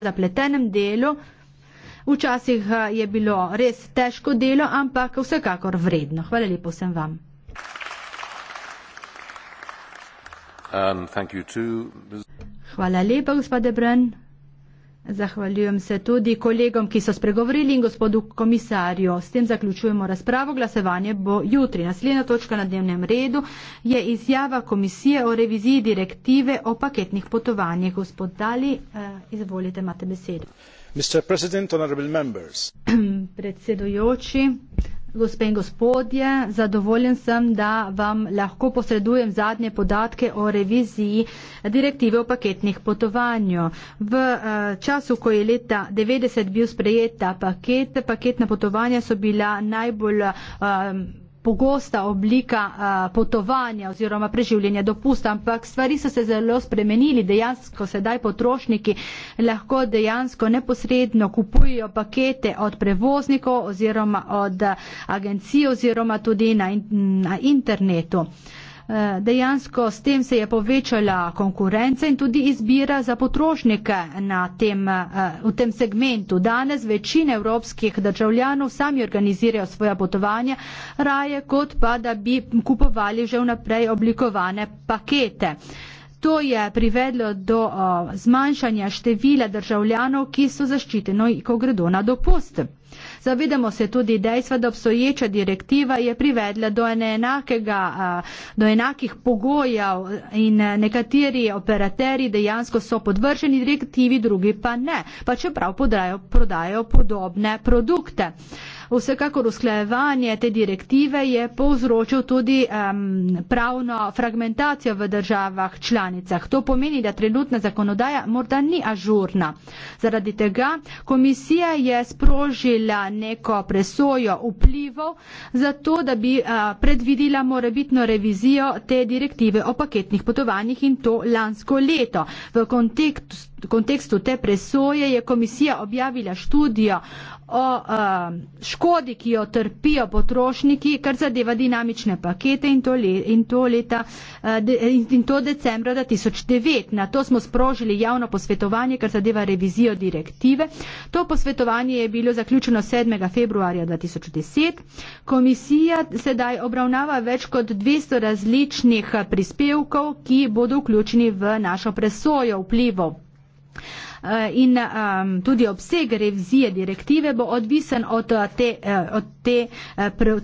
zapletenem delu. Včasih eh, je bilo res težko delo, ampak vsekakor vredno. Hvala lepo vsem vam. Um, Hvala lepa, gospod Debren. Zahvaljujem se tudi kolegom, ki so spregovorili in gospodu komisarju. S tem zaključujemo razpravo. Glasovanje bo jutri. Naslednja točka na dnevnem redu je izjava komisije o reviziji direktive o paketnih potovanjih. Gospod Dali, eh, izvolite, imate besedo. Predsedujoči, Gospe in gospodje, zadovoljen sem, da vam lahko posredujem zadnje podatke o reviziji direktive o paketnih potovanju. V eh, času, ko je leta 90 bil sprejeta paket, paketna potovanja so bila najbolj. Um, pogosta oblika a, eh, potovanja oziroma preživljanja dopusta, ampak stvari so se zelo spremenili. Dejansko sedaj potrošniki lahko dejansko neposredno kupujejo pakete od prevoznikov oziroma od agencij oziroma tudi na, na internetu. A, Eh, dejansko s tem se je povečala konkurenca in tudi izbira za potrošnike tem, eh, v tem segmentu. Danes večina evropskih državljanov sami organizirajo svoja potovanja, raje kot pa, da bi kupovali že vnaprej oblikovane pakete. To je privedlo do o, eh, zmanjšanja števila državljanov, ki so zaščiteni, ko gredo na dopust. Zavedamo se tudi dejstva, da obstoječa direktiva je privedla do, enakega, do enakih pogojev in nekateri operateri dejansko so podvrženi direktivi, drugi pa ne, pa čeprav prodajo podobne produkte. Vsekakor usklajevanje te direktive je povzročil tudi um, pravno fragmentacijo v državah članicah. To pomeni, da trenutna zakonodaja morda ni ažurna. Zaradi tega komisija je sprožila neko presojo vplivov za to, da bi uh, predvidila morebitno revizijo te direktive o paketnih potovanjih in to lansko leto. V kontekst, kontekstu te presoje je komisija objavila študijo o um, škodi, ki jo trpijo potrošniki, kar zadeva dinamične pakete in to, le, in to leta in, in to decembra 2009. Na to smo sprožili javno posvetovanje, kar zadeva revizijo direktive. To posvetovanje je bilo zaključeno 7. februarja 2010. Komisija sedaj obravnava več kot 200 različnih prispevkov, ki bodo vključeni v našo presojo vplivov. Eh, in ehm, tudi obseg revizije direktive bo odvisen od, eh, te, eh, od te,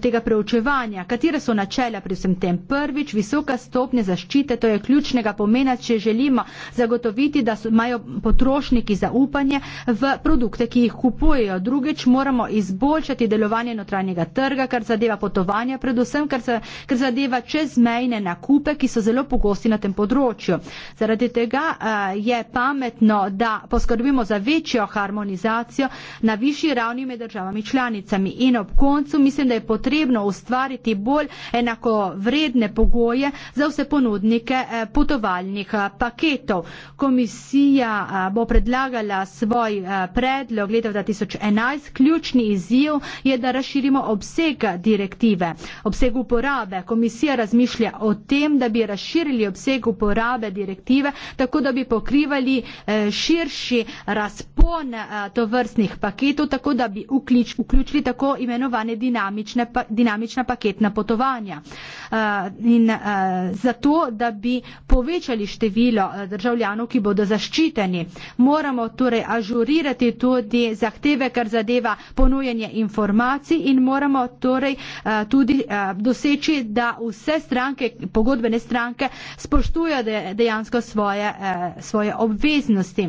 tega preučevanja. Katere so načela pri vsem tem? Prvič, visoka stopnja zaščite, to je ključnega pomena, če želimo zagotoviti, da imajo potrošniki zaupanje v produkte, ki jih kupujejo. Drugič, moramo izboljšati delovanje notranjega trga, kar zadeva potovanja, predvsem, kar, kar zadeva čezmejne nakupe, ki so zelo pogosti na tem področju. Zaradi tega a, je pametno, da poskrbimo za večjo harmonizacijo na višji ravni med državami članicami. In ob koncu mislim, da je potrebno ustvariti bolj enakovredne pogoje za vse ponudnike eh, potovalnih eh, paketov. Komisija eh, bo predlagala svoj predlog leta 2011. Ključni izziv je, da razširimo obseg direktive, obseg uporabe. Komisija razmišlja o tem, da bi razširili obseg uporabe direktive, tako da bi pokrivali širši širši razpon eh, tovrstnih paketov, tako da bi vključ, vključili tako imenovane dinamične, dinamična paketna potovanja. Eh, in eh, zato, da bi povečali število državljanov, ki bodo zaščiteni, moramo torej ažurirati tudi zahteve, kar zadeva ponujanje informacij in moramo torej tudi doseči, da vse stranke, pogodbene stranke, spoštujo dejansko svoje, svoje obveznosti.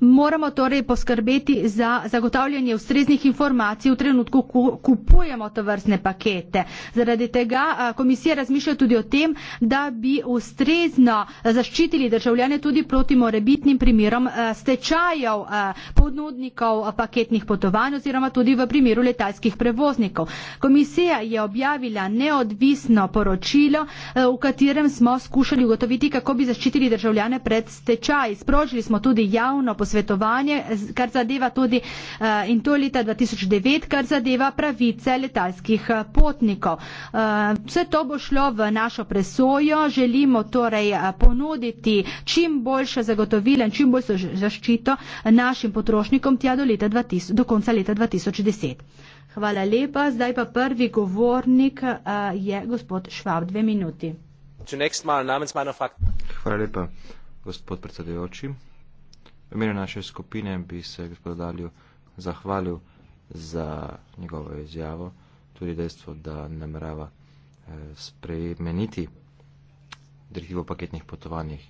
Moramo torej poskrbeti za zagotavljanje ustreznih informacij v trenutku, ko kupujemo to vrstne pakete. Zaradi tega komisija razmišlja tudi o tem, da bi ustrezno zaščitili državljane tudi proti morebitnim primerom stečajev ponudnikov paketnih potovanj oziroma tudi v primeru letalskih prevoznikov. Komisija je objavila neodvisno poročilo, v katerem smo skušali ugotoviti, kako bi zaščitili državljane pred stečaji. Sprožili smo tudi javno posvetovanje posvetovanje, kar zadeva tudi eh, in to leta 2009, kar zadeva pravice letalskih eh, potnikov. Eh, vse to bo šlo v našo presojo, želimo torej ponuditi čim boljše zagotovile in čim bolj zaščito našim potrošnikom tja do, leta 2000, do konca leta 2010. Hvala lepa. Zdaj pa prvi govornik je gospod Švab. Dve minuti. Hvala lepa, gospod predsedujoči. V imenu naše skupine bi se gospodu Dalju zahvalil za njegovo izjavo, tudi dejstvo, da namerava eh, spremeniti direktivo o paketnih potovanjih,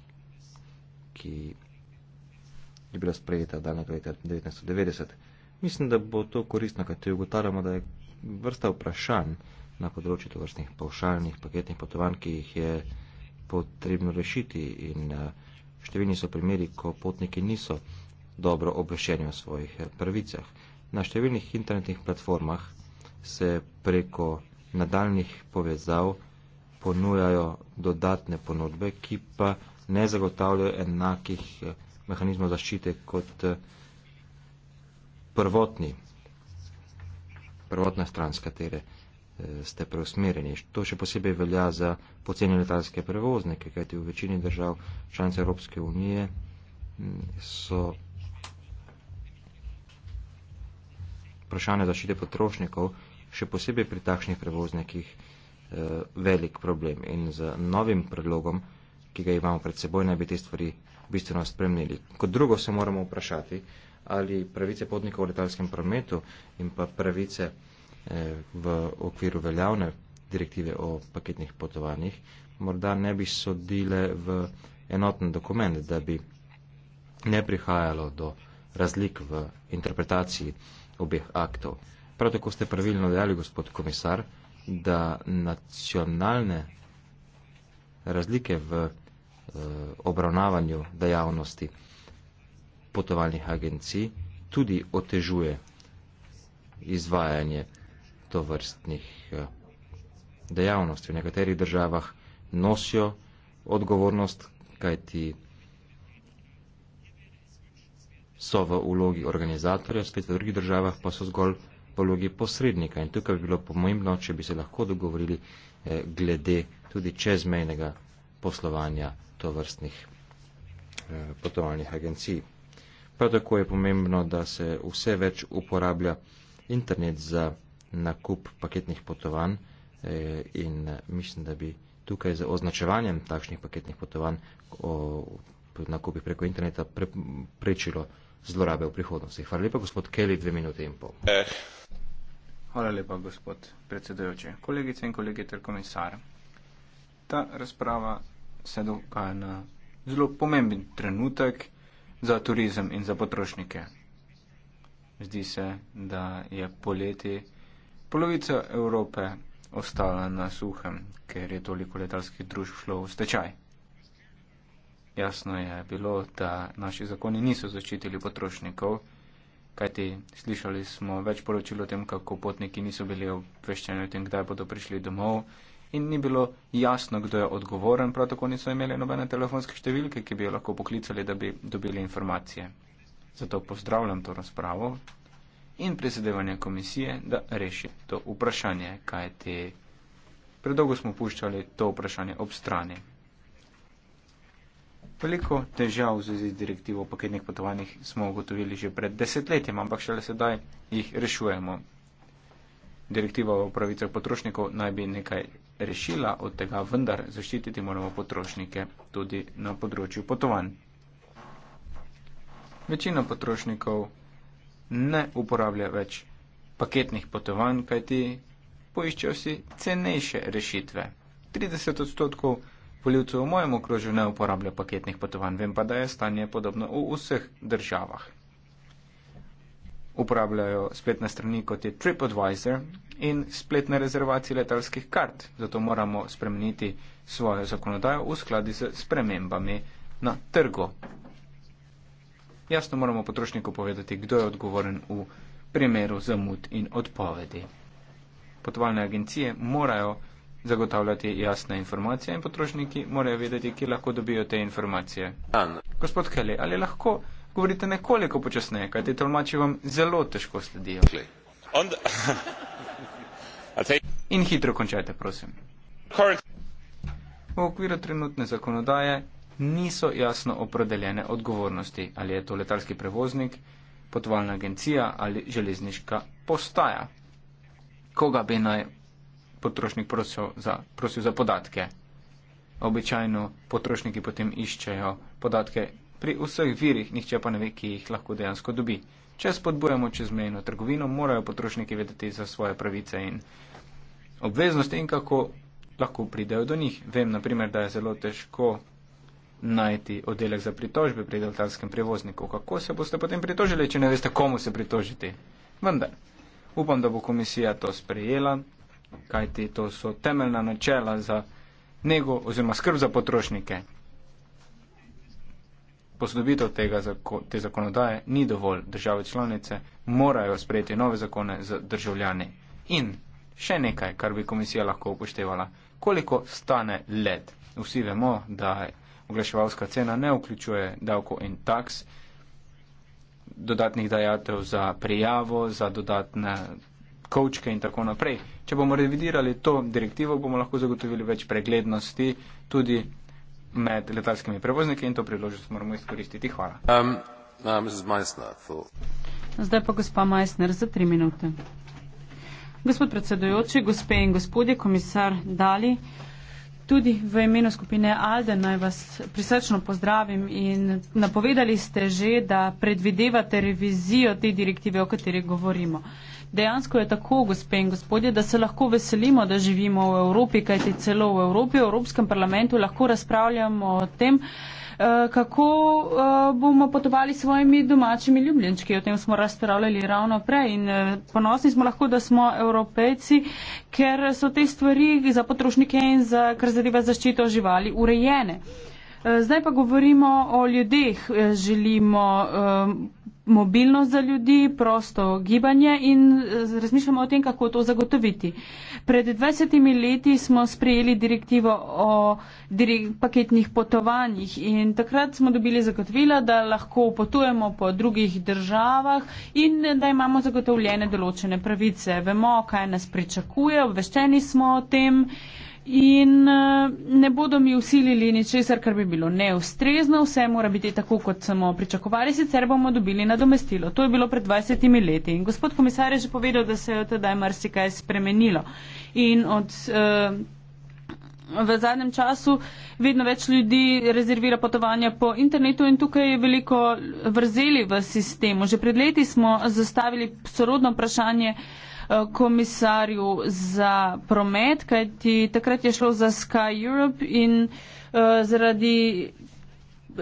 ki je bila sprejeta danega leta 1990. Mislim, da bo to koristno, kaj te ugotavljamo, da je vrsta vprašanj na področju tovrstnih pavšalnih paketnih potovanj, ki jih je potrebno rešiti in uh, Številni so primeri, ko potniki niso dobro obveščeni o svojih eh, pravicah. Na številnih internetnih platformah se preko nadaljnih povezav ponujajo dodatne ponudbe, ki pa ne zagotavljajo enakih eh, mehanizmov zaščite kot eh, prvotni, prvotna stran, z katere ste preusmerjeni. To še posebej velja za poceni letalske prevoznike, kajti v večini držav članice Evropske unije so vprašanje zaščite potrošnikov še posebej pri takšnih prevoznikih eh, velik problem in z novim predlogom, ki ga imamo pred seboj, naj bi te stvari bistveno spremenili. Kot drugo se moramo vprašati, ali pravice potnikov v letalskem prometu in pa pravice v okviru veljavne direktive o paketnih potovanjih, morda ne bi sodile v enoten dokument, da bi ne prihajalo do razlik v interpretaciji obeh aktov. Prav tako ste pravilno dejali, gospod komisar, da nacionalne razlike v eh, obravnavanju dejavnosti potovalnih agencij tudi otežuje izvajanje to vrstnih eh, dejavnosti. V nekaterih državah nosijo odgovornost, kaj ti so v ulogi organizatorja, spet v drugih državah pa so zgolj v ulogi posrednika. In tukaj bi bilo pomembno, če bi se lahko dogovorili eh, glede tudi čezmejnega poslovanja to vrstnih eh, potovalnih agencij. Prav tako je pomembno, da se vse več uporablja internet za nakup paketnih potovanj eh, in eh, mislim, da bi tukaj z označevanjem takšnih paketnih potovanj o nakupih preko interneta pre, prečilo zlorabe v prihodnosti. Hvala lepa, gospod Kelly, dve minute in pol. Eh. Hvala lepa, gospod predsedujoči. Kolegice in kolegi ter komisar, ta razprava se dogaja na zelo pomemben trenutek za turizem in za potrošnike. Zdi se, da je poleti polovica Evrope ostala na suhem, ker je toliko letalskih družb šlo v stečaj. Jasno je bilo, da naši zakoni niso zaščitili potrošnikov, kajti slišali smo več poročil o tem, kako potniki niso bili obveščeni o tem, kdaj bodo prišli domov in ni bilo jasno, kdo je odgovoren, prav tako niso imeli nobene telefonske številke, ki bi jo lahko poklicali, da bi dobili informacije. Zato pozdravljam to razpravo, in prizadevanja komisije, da reši to vprašanje, kaj te. Predolgo smo puščali to vprašanje ob strani. Veliko težav v zvezi z direktivo o paketnih potovanjih smo ugotovili že pred desetletjem, ampak šele sedaj jih rešujemo. Direktiva o pravicah potrošnikov naj bi nekaj rešila od tega, vendar zaščititi moramo potrošnike tudi na področju potovanj. Večina potrošnikov ne uporablja več paketnih potovanj, kajti poiščejo si cenejše rešitve. 30 odstotkov voljivcev v mojem okrožju ne uporablja paketnih potovanj, vem pa, da je stanje podobno v vseh državah. Uporabljajo spletne strani kot je TripAdvisor in spletne rezervacije letalskih kart, zato moramo spremeniti svojo zakonodajo v skladi z spremembami na trgu jasno moramo potrošniku povedati, kdo je odgovoren v primeru zamud in odpovedi. Potovalne agencije morajo zagotavljati jasne informacije in potrošniki morajo vedeti, kje lahko dobijo te informacije. An. Gospod Kelly, ali lahko govorite nekoliko počasneje, kajti tolmači vam zelo težko sledijo. In hitro končajte, prosim. V okviru trenutne zakonodaje niso jasno opredeljene odgovornosti, ali je to letalski prevoznik, potovalna agencija ali železniška postaja. Koga bi naj potrošnik prosil za, prosil za podatke? Običajno potrošniki potem iščejo podatke pri vseh virih, nihče pa ne ve, ki jih lahko dejansko dobi. Če spodbujamo čezmejno trgovino, morajo potrošniki vedeti za svoje pravice in obveznosti in kako lahko pridejo do njih. Vem, naprimer, da je zelo težko najti oddelek za pritožbe pri deltarskem prevozniku. Kako se boste potem pritožili, če ne veste, komu se pritožiti? Vendar, upam, da bo komisija to sprejela, kajti to so temeljna načela za nego oziroma skrb za potrošnike. Posodobitev te zakonodaje ni dovolj. Države članice morajo sprejeti nove zakone za državljane. In še nekaj, kar bi komisija lahko upoštevala. Koliko stane let? Vsi vemo, da oglaševalska cena ne vključuje davko in taks, dodatnih dajatev za prijavo, za dodatne kočke in tako naprej. Če bomo revidirali to direktivo, bomo lahko zagotovili več preglednosti tudi med letalskimi prevozniki in to priložnost moramo izkoristiti. Hvala. Um, no, Zdaj pa gospa Majsner za tri minute. Gospod predsedujoči, gospe in gospodje, komisar Dali. Tudi v imenu skupine Alde naj vas prisrčno pozdravim in napovedali ste že, da predvidevate revizijo te direktive, o kateri govorimo. Dejansko je tako, gospe in gospodje, da se lahko veselimo, da živimo v Evropi, kajti celo v Evropi, v Evropskem parlamentu lahko razpravljamo o tem, Eh, kako eh, bomo potovali s svojimi domačimi ljubljenčki. O tem smo razpravljali ravno prej in eh, ponosni smo lahko, da smo evropejci, ker so te stvari za potrošnike in za kar zadeva zaščito živali urejene. Zdaj pa govorimo o ljudeh. Želimo mobilnost za ljudi, prosto gibanje in eh, razmišljamo o tem, kako to zagotoviti. Pred 20 leti smo sprejeli direktivo o paketnih potovanjih in takrat smo dobili zagotovila, da lahko potujemo po drugih državah in da imamo zagotovljene določene pravice. Vemo, kaj nas pričakuje, obveščeni smo o tem in uh, ne bodo mi usilili ničesar, kar bi bilo neustrezno, vse mora biti tako, kot smo pričakovali, sicer bomo dobili nadomestilo. To je bilo pred 20 leti in gospod komisar je že povedal, da se je od tedaj marsikaj spremenilo. In od, uh, V zadnjem času vedno več ljudi rezervira potovanja po internetu in tukaj je veliko vrzeli v sistemu. Že pred leti smo zastavili sorodno vprašanje uh, Eh, komisarju za promet, kajti takrat je šlo za Sky Europe in eh, zaradi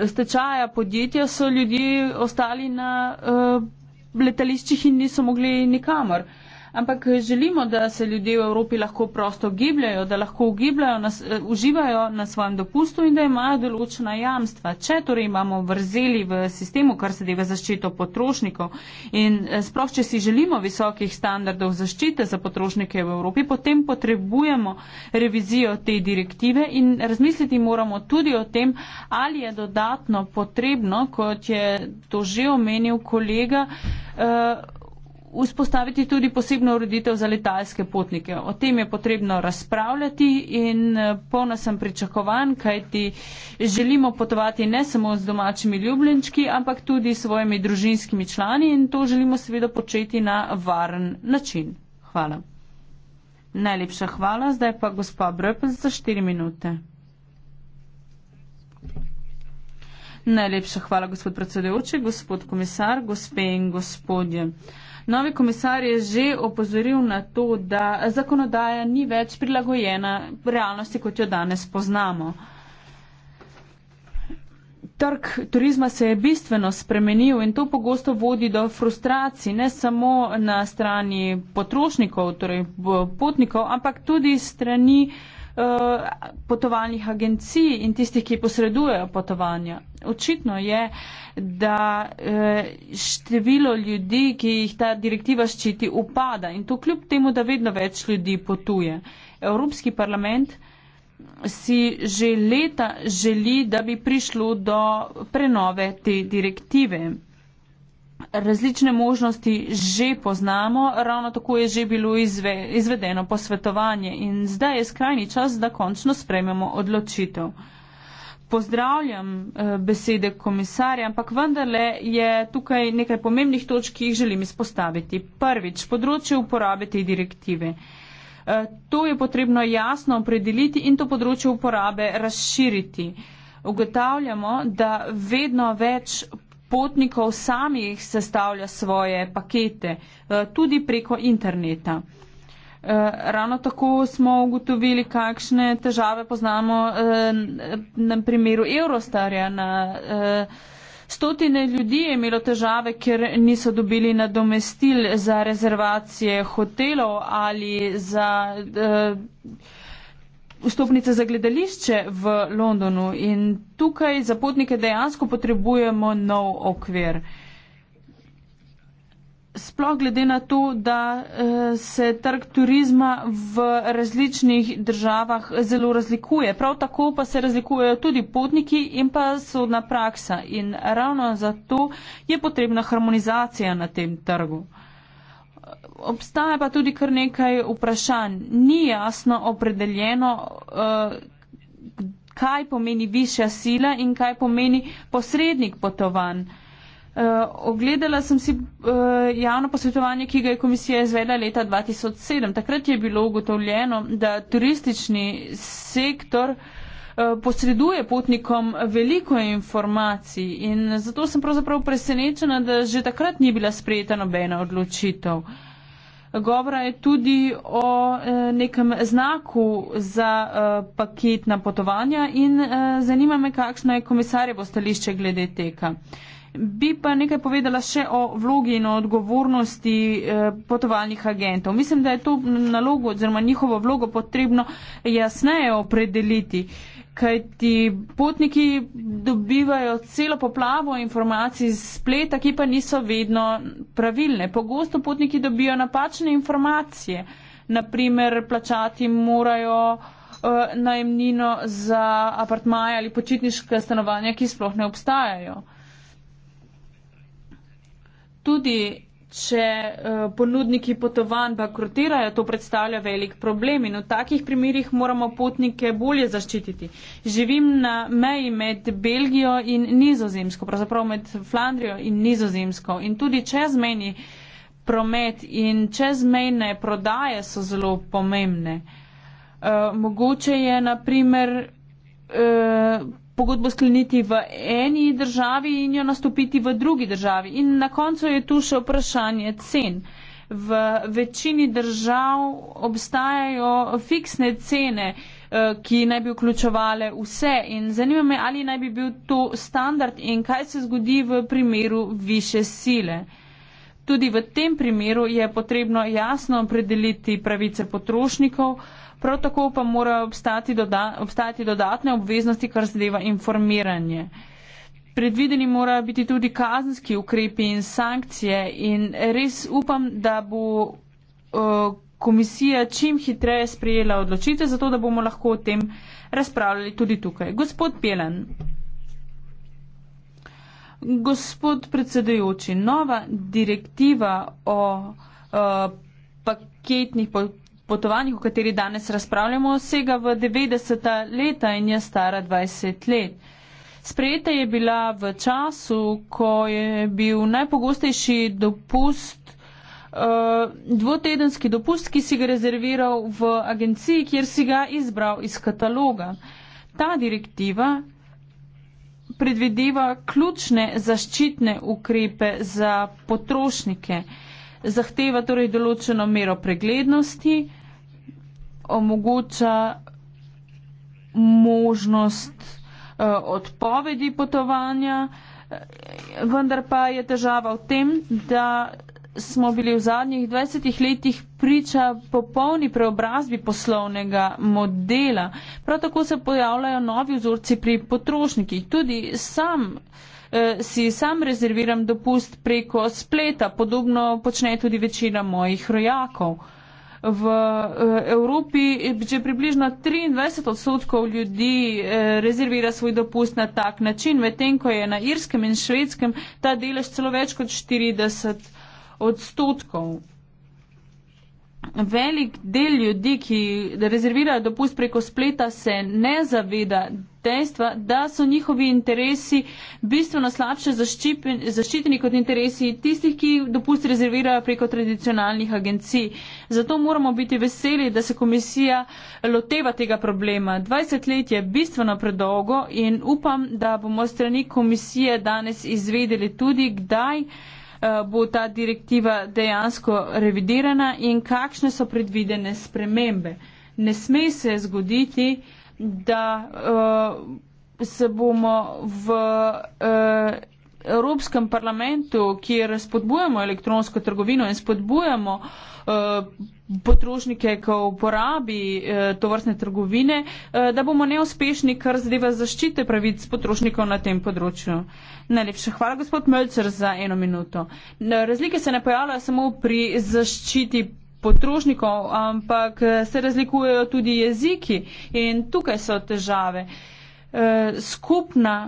stečaja podjetja so ljudje ostali na eh, letališčih in niso mogli nikamor ampak eh, želimo, da se ljudje v Evropi lahko prosto gibljajo, da lahko gibljajo, na, eh, uživajo na svojem dopustu in da imajo določena jamstva. Če torej imamo vrzeli v sistemu, kar se deva zaščito potrošnikov in eh, sploh, če si želimo visokih standardov zaščite za potrošnike v Evropi, potem potrebujemo revizijo te direktive in razmisliti moramo tudi o tem, ali je dodatno potrebno, kot je to že omenil kolega, uh, vzpostaviti tudi posebno ureditev za letalske potnike. O tem je potrebno razpravljati in eh, polna sem pričakovan, kajti želimo potovati ne samo z domačimi ljubljenčki, ampak tudi s svojimi družinskimi člani in to želimo seveda početi na varen način. Hvala. Najlepša hvala. Zdaj pa gospa Brepel za 4 minute. Najlepša hvala, gospod predsedujoči, gospod komisar, gospe in gospodje. Novi komisar je že opozoril na to, da zakonodaja ni več prilagojena realnosti, kot jo danes poznamo. Trg turizma se je bistveno spremenil in to pogosto vodi do frustracij ne samo na strani potrošnikov, torej potnikov, ampak tudi strani uh, Eh, potovalnih agencij in tistih, ki posredujejo potovanja. Očitno je, da eh, število ljudi, ki jih ta direktiva ščiti, upada in to kljub temu, da vedno več ljudi potuje. Evropski parlament si že leta želi, da bi prišlo do prenove te direktive različne možnosti že poznamo, ravno tako je že bilo izve, izvedeno posvetovanje in zdaj je skrajni čas, da končno sprejmemo odločitev. Pozdravljam eh, besede komisarja, ampak vendarle je tukaj nekaj pomembnih točk, ki jih želim izpostaviti. Prvič, področje uporabe te direktive. Eh, to je potrebno jasno opredeliti in to področje uporabe razširiti. Ugotavljamo, da vedno več potnikov samih sestavlja svoje pakete, eh, tudi preko interneta. Eh, ravno tako smo ugotovili, kakšne težave poznamo eh, na primeru Eurostarja. Na stotine ljudi je imelo težave, ker niso dobili nadomestil za rezervacije hotelov ali za vstopnice za gledališče v Londonu in tukaj za potnike dejansko potrebujemo nov okvir. Sploh glede na to, da eh, se trg turizma v različnih državah zelo razlikuje. Prav tako pa se razlikujejo tudi potniki in pa sodna praksa. In ravno zato je potrebna harmonizacija na tem trgu obstaja pa tudi kar nekaj vprašanj. Ni jasno opredeljeno, eh, kaj pomeni višja sila in kaj pomeni posrednik potovanj. Eh, ogledala sem si eh, javno posvetovanje, ki ga je komisija izvedla leta 2007. Takrat je bilo ugotovljeno, da turistični sektor posreduje potnikom veliko informacij in zato sem pravzaprav presenečena, da že takrat ni bila sprejeta nobena odločitev. Uh, govora je tudi o eh, nekem znaku za eh, paketna potovanja in eh, zanima me, kakšno je komisarjevo stališče glede tega. Bi pa nekaj povedala še o vlogi in o odgovornosti eh, potovalnih agentov. Mislim, da je to nalogo oziroma njihovo vlogo potrebno jasneje opredeliti. Kaj ti potniki dobivajo celo poplavo informacij iz spleta, ki pa niso vedno pravilne. Pogosto potniki dobijo napačne informacije. Naprimer, plačati morajo uh, najemnino za apartmaje ali počitniška stanovanja, ki sploh ne obstajajo tudi če uh, ponudniki potovanj bankrotirajo, to predstavlja velik problem in v takih primerjih moramo potnike bolje zaščititi. Živim na meji med Belgijo in Nizozemsko, pravzaprav med Flandrijo in Nizozemsko in tudi čez meni promet in čezmejne prodaje so zelo pomembne. Uh, mogoče je, naprimer, uh, eh, pogodbo skleniti v eni državi in jo nastopiti v drugi državi. In na koncu je tu še vprašanje cen. V večini držav obstajajo fiksne cene, eh, ki naj bi vključevale vse. In zanima me, ali naj bi bil to standard in kaj se zgodi v primeru više sile. Tudi v tem primeru je potrebno jasno opredeliti pravice potrošnikov, uh, Prav tako pa morajo obstati, doda obstati dodatne obveznosti, kar zadeva informiranje. Predvideni morajo biti tudi kazenski ukrepi in sankcije in res upam, da bo uh, komisija čim hitreje sprejela odločitev, zato da bomo lahko o tem razpravljali tudi tukaj. Gospod Pelen. Gospod predsedujoči, nova direktiva o uh, paketnih podpornih potovanjih, o kateri danes razpravljamo, sega v 90. leta in je stara 20 let. Sprejeta je bila v času, ko je bil najpogostejši dopust, eh, dvotedenski dopust, ki si ga rezerviral v agenciji, kjer si ga izbral iz kataloga. Ta direktiva predvideva ključne zaščitne ukrepe za potrošnike zahteva torej določeno mero preglednosti, omogoča možnost eh, odpovedi potovanja, eh, vendar pa je težava v tem, da smo bili v zadnjih 20 letih priča popolni preobrazbi poslovnega modela. Prav tako se pojavljajo novi vzorci pri potrošnikih. Tudi sam uh, Eh, si sam rezerviram dopust preko spleta, podobno počne tudi večina mojih rojakov. V eh, Evropi že približno 23 odstotkov ljudi eh, rezervira svoj dopust na tak način, medtem ko je na Irskem in Švedskem ta delež celo več kot 40 odstotkov velik del ljudi, ki rezervirajo dopust preko spleta, se ne zaveda dejstva, da so njihovi interesi bistveno slabše zaščiteni kot interesi tistih, ki dopust rezervirajo preko tradicionalnih agencij. Zato moramo biti veseli, da se komisija loteva tega problema. 20 let je bistveno predolgo in upam, da bomo strani komisije danes izvedeli tudi, kdaj. Eh, bo ta direktiva dejansko revidirana in kakšne so predvidene spremembe. Ne sme se zgoditi, da uh, se bomo v uh, Evropskem parlamentu, kjer spodbujamo elektronsko trgovino in spodbujamo eh, potrošnike, ko uporabi eh, tovrstne trgovine, eh, da bomo neuspešni, kar zadeva zaščite pravic potrošnikov na tem področju. Najlepša hvala, gospod Mölcer, za eno minuto. Razlike se ne pojavljajo samo pri zaščiti potrošnikov, ampak se razlikujejo tudi jeziki in tukaj so težave. Skupna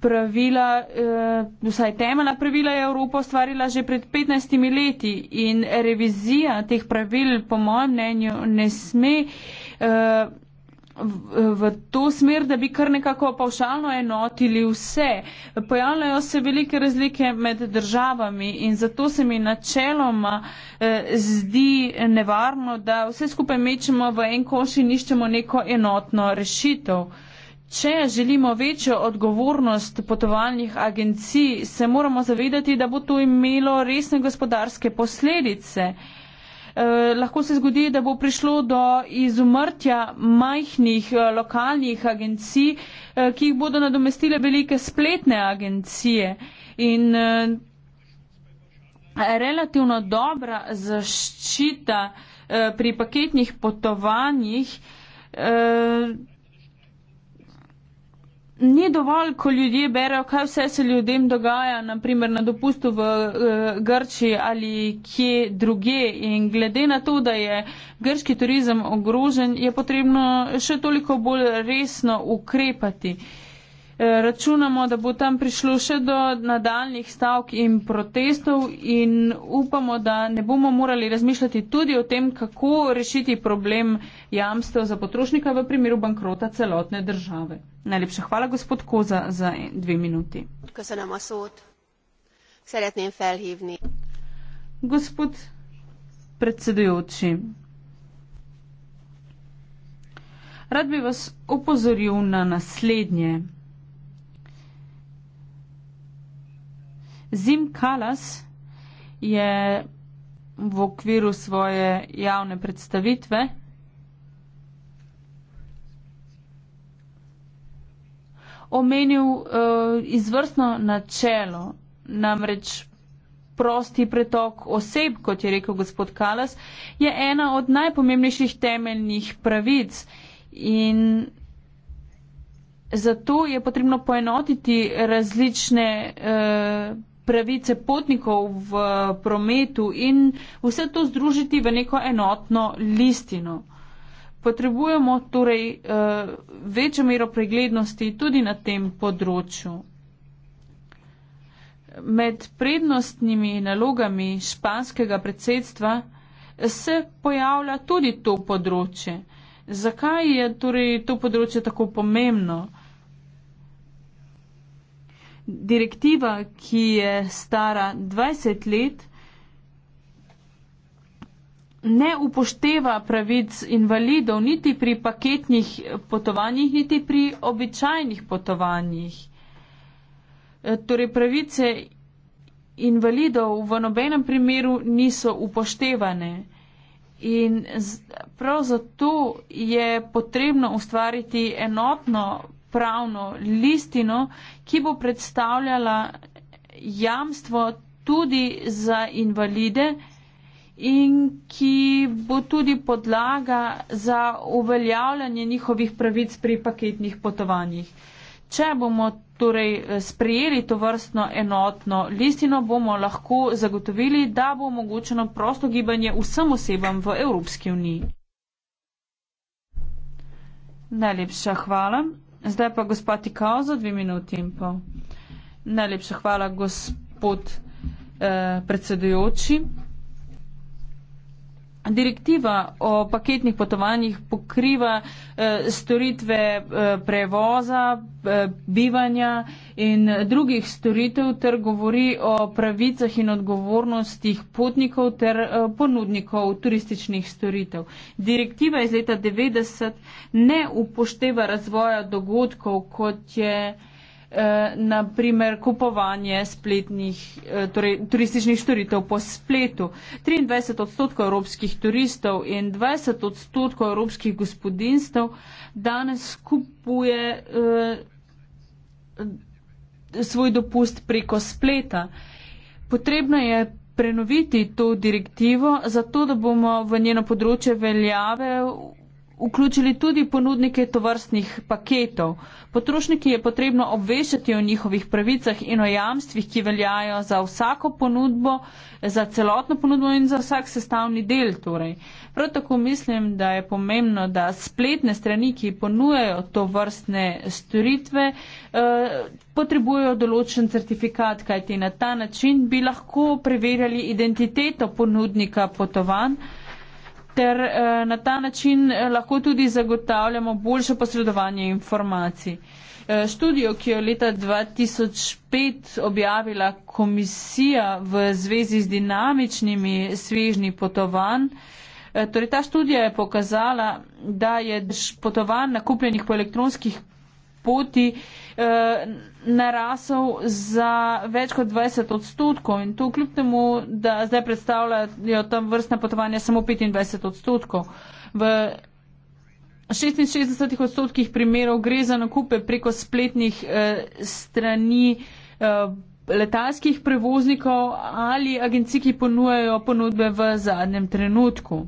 pravila, eh, vsaj temeljna pravila je Evropa ustvarila že pred 15 leti in revizija teh pravil, po mojem mnenju, ne sme eh, v, v to smer, da bi kar nekako pavšalno enotili vse. Pojavljajo se velike razlike med državami in zato se mi načeloma eh, zdi nevarno, da vse skupaj mečemo v en koš in iščemo neko enotno rešitev. Če želimo večjo odgovornost potovalnih agencij, se moramo zavedati, da bo to imelo resne gospodarske posledice. Eh, lahko se zgodi, da bo prišlo do izumrtja majhnih eh, lokalnih agencij, eh, ki jih bodo nadomestile velike spletne agencije. In eh, relativno dobra zaščita eh, pri paketnih potovanjih. Eh, ni dovolj, ko ljudje berejo, kaj vse se ljudem dogaja, naprimer na dopustu v uh, Grči ali kje druge. In glede na to, da je grški turizem ogrožen, je potrebno še toliko bolj resno ukrepati. Uh, Eh, računamo, da bo tam prišlo še do nadaljnih stavk in protestov in upamo, da ne bomo morali razmišljati tudi o tem, kako rešiti problem jamstev za potrošnika v primeru bankrota celotne države. Najlepša hvala, gospod Koza, za dve minuti. Gospod predsedujoči. Rad bi vas opozoril na naslednje. Zim Kalas je v okviru svoje javne predstavitve omenil uh, izvrstno načelo, namreč prosti pretok oseb, kot je rekel gospod Kalas, je ena od najpomembnejših temeljnih pravic in zato je potrebno poenotiti različne uh, pravice potnikov v prometu in vse to združiti v neko enotno listino. Potrebujemo torej uh, večjo mero preglednosti tudi na tem področju. Med prednostnimi nalogami španskega predsedstva se pojavlja tudi to področje. Zakaj je torej to področje tako pomembno? direktiva, ki je stara 20 let, ne upošteva pravic invalidov niti pri paketnih potovanjih, niti pri običajnih potovanjih. E, torej pravice invalidov v nobenem primeru niso upoštevane. In prav zato je potrebno ustvariti enotno pravno listino, ki bo predstavljala jamstvo tudi za invalide in ki bo tudi podlaga za uveljavljanje njihovih pravic pri paketnih potovanjih. Če bomo torej eh, sprejeli to vrstno enotno listino, bomo lahko zagotovili, da bo omogočeno prosto gibanje vsem osebam v Evropski uniji. Najlepša hvala. Zdaj pa gospod Tikao za dve minuti in pol. Najlepša hvala, gospod eh, predsedujoči. Direktiva o paketnih potovanjih pokriva eh, storitve eh, prevoza, eh, bivanja in drugih storitev ter govori o pravicah in odgovornostih potnikov ter eh, ponudnikov turističnih storitev. Direktiva iz leta 90 ne upošteva razvoja dogodkov, kot je eh, eh, naprimer kupovanje spletnih, eh, torej turističnih storitev po spletu. 23 odstotkov evropskih turistov in 20 odstotkov evropskih gospodinstv danes kupuje eh, svoj dopust preko spleta. Potrebno je prenoviti to direktivo, zato da bomo v njeno področje veljave vključili tudi ponudnike tovrstnih paketov. Potrošniki je potrebno obvešati o njihovih pravicah in o jamstvih, ki veljajo za vsako ponudbo, za celotno ponudbo in za vsak sestavni del. Torej. Prav tako mislim, da je pomembno, da spletne strani, ki ponujajo tovrstne storitve, eh, potrebujejo določen certifikat, kajti na ta način bi lahko preverjali identiteto ponudnika potovanj ter eh, na ta način eh, lahko tudi zagotavljamo boljše posredovanje informacij. Eh, študijo, ki jo je leta 2005 objavila komisija v zvezi z dinamičnimi svežnji potovanj, torej ta študija je pokazala, da je potovanj nakupljenih po elektronskih poti Eh, narasel za več kot 20 odstotkov in to kljub temu, da zdaj predstavljajo tam vrstna potovanja samo 25 odstotkov. V 66 odstotkih primerov gre za nakupe preko spletnih eh, strani eh, letalskih prevoznikov ali agencij, ki ponujajo ponudbe v zadnjem trenutku.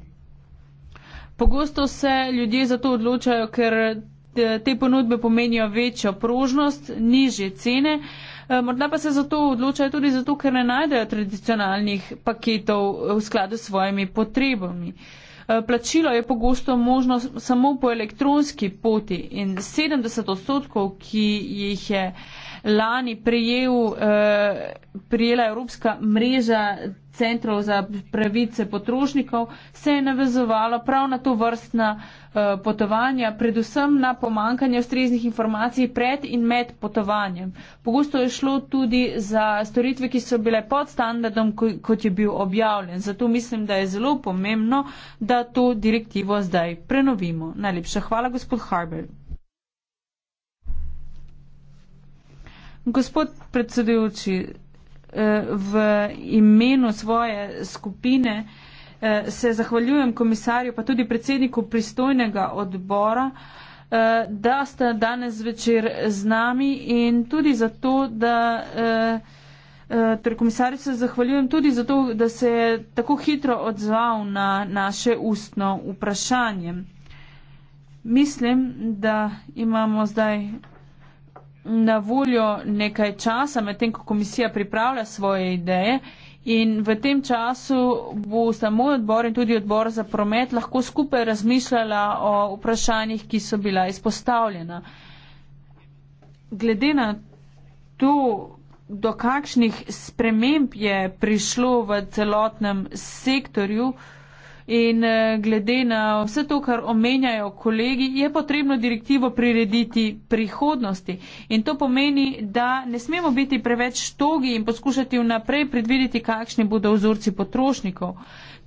Pogosto se ljudje zato odločajo, ker te ponudbe pomenijo večjo prožnost, nižje cene. Eh, morda pa se zato odločajo tudi zato, ker ne najdejo tradicionalnih paketov eh, v skladu s svojimi potrebami. Eh, plačilo je pogosto možno samo po elektronski poti in 70 odstotkov, ki jih je lani prijel, prijela Evropska mreža centrov za pravice potrošnikov, se je navezovalo prav na to vrstna uh, potovanja, predvsem na pomankanje ustreznih informacij pred in med potovanjem. Pogosto je šlo tudi za storitve, ki so bile pod standardom, ko, kot je bil objavljen. Zato mislim, da je zelo pomembno, da to direktivo zdaj prenovimo. Najlepša hvala, gospod Harber. Gospod predsedujoči, Eh, v imenu svoje skupine eh, se zahvaljujem komisarju pa tudi predsedniku pristojnega odbora, eh, da ste danes večer z nami in tudi zato, da torej komisarju se zahvaljujem tudi zato, da se je tako hitro odzval na naše ustno vprašanje. Mislim, da imamo zdaj na voljo nekaj časa, medtem ko komisija pripravlja svoje ideje. In v tem času bo samo odbor in tudi odbor za promet lahko skupaj razmišljala o vprašanjih, ki so bila izpostavljena. Glede na to, do kakšnih sprememb je prišlo v celotnem sektorju, uh, In eh, glede na vse to, kar omenjajo kolegi, je potrebno direktivo prirediti prihodnosti. In to pomeni, da ne smemo biti preveč togi in poskušati vnaprej predvideti, kakšni bodo vzorci potrošnikov.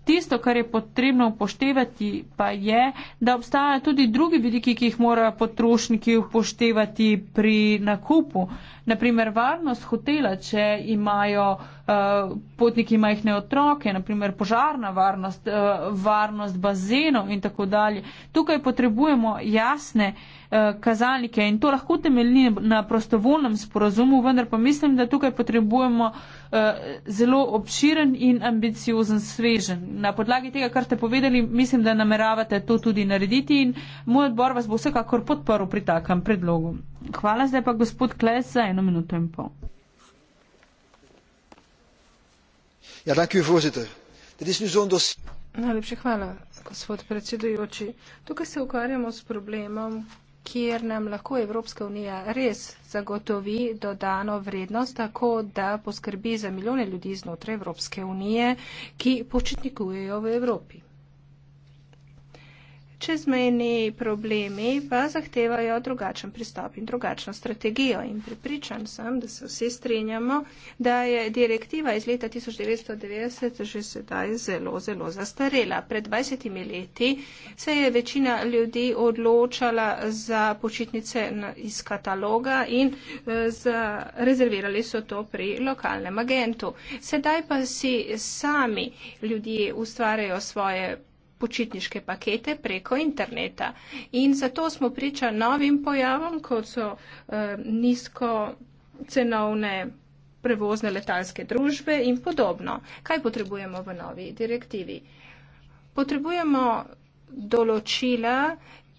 Tisto, kar je potrebno upoštevati, pa je, da obstajajo tudi drugi vidiki, ki jih morajo potrošniki upoštevati pri nakupu. Naprimer, varnost hotela, če imajo uh, potniki majhne otroke, naprimer požarna varnost, uh, varnost bazenov in tako dalje. Tukaj potrebujemo jasne. Uh, Eh, kazalnike in to lahko temelji na prostovolnem sporazumu, vendar pa mislim, da tukaj potrebujemo eh, zelo obširen in ambiciozen svežen. Na podlagi tega, kar ste povedali, mislim, da nameravate to tudi narediti in moj odbor vas bo vsekakor podporil pri takem predlogu. Hvala zdaj pa gospod Kles za eno minuto in pol. Ja, dankuji, voziter. Najlepša hvala, gospod predsedujoči. Tukaj se ukvarjamo s problemom, kjer nam lahko Evropska unija res zagotovi dodano vrednost, tako da poskrbi za milijone ljudi znotraj Evropske unije, ki počitnikujejo v Evropi čezmejni problemi pa zahtevajo drugačen pristop in drugačno strategijo. In pripričan sem, da se vsi strinjamo, da je direktiva iz leta 1990 že sedaj zelo, zelo zastarela. Pred 20 leti se je večina ljudi odločala za počitnice iz kataloga in eh, za, rezervirali so to pri lokalnem agentu. Sedaj pa si sami ljudje ustvarjajo svoje počitniške pakete preko interneta. In zato smo priča novim pojavom, kot so eh, nizko cenovne prevozne letalske družbe in podobno. Kaj potrebujemo v novi direktivi? Potrebujemo določila,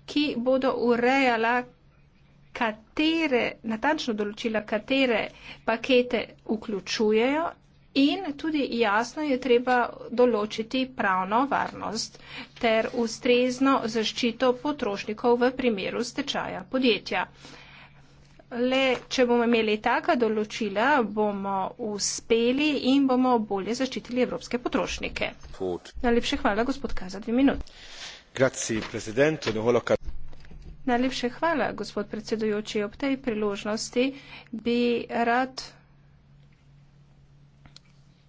ki bodo urejala, katere, natančno določila, katere pakete vključujejo In tudi jasno je treba določiti pravno varnost ter ustrezno zaščito potrošnikov v primeru stečaja podjetja. Le, če bomo imeli taka določila, bomo uspeli in bomo bolje zaščitili evropske potrošnike. Put. Najlepše hvala, gospod K, za dve minuti. Najlepše hvala, gospod predsedujoči. Ob tej priložnosti bi rad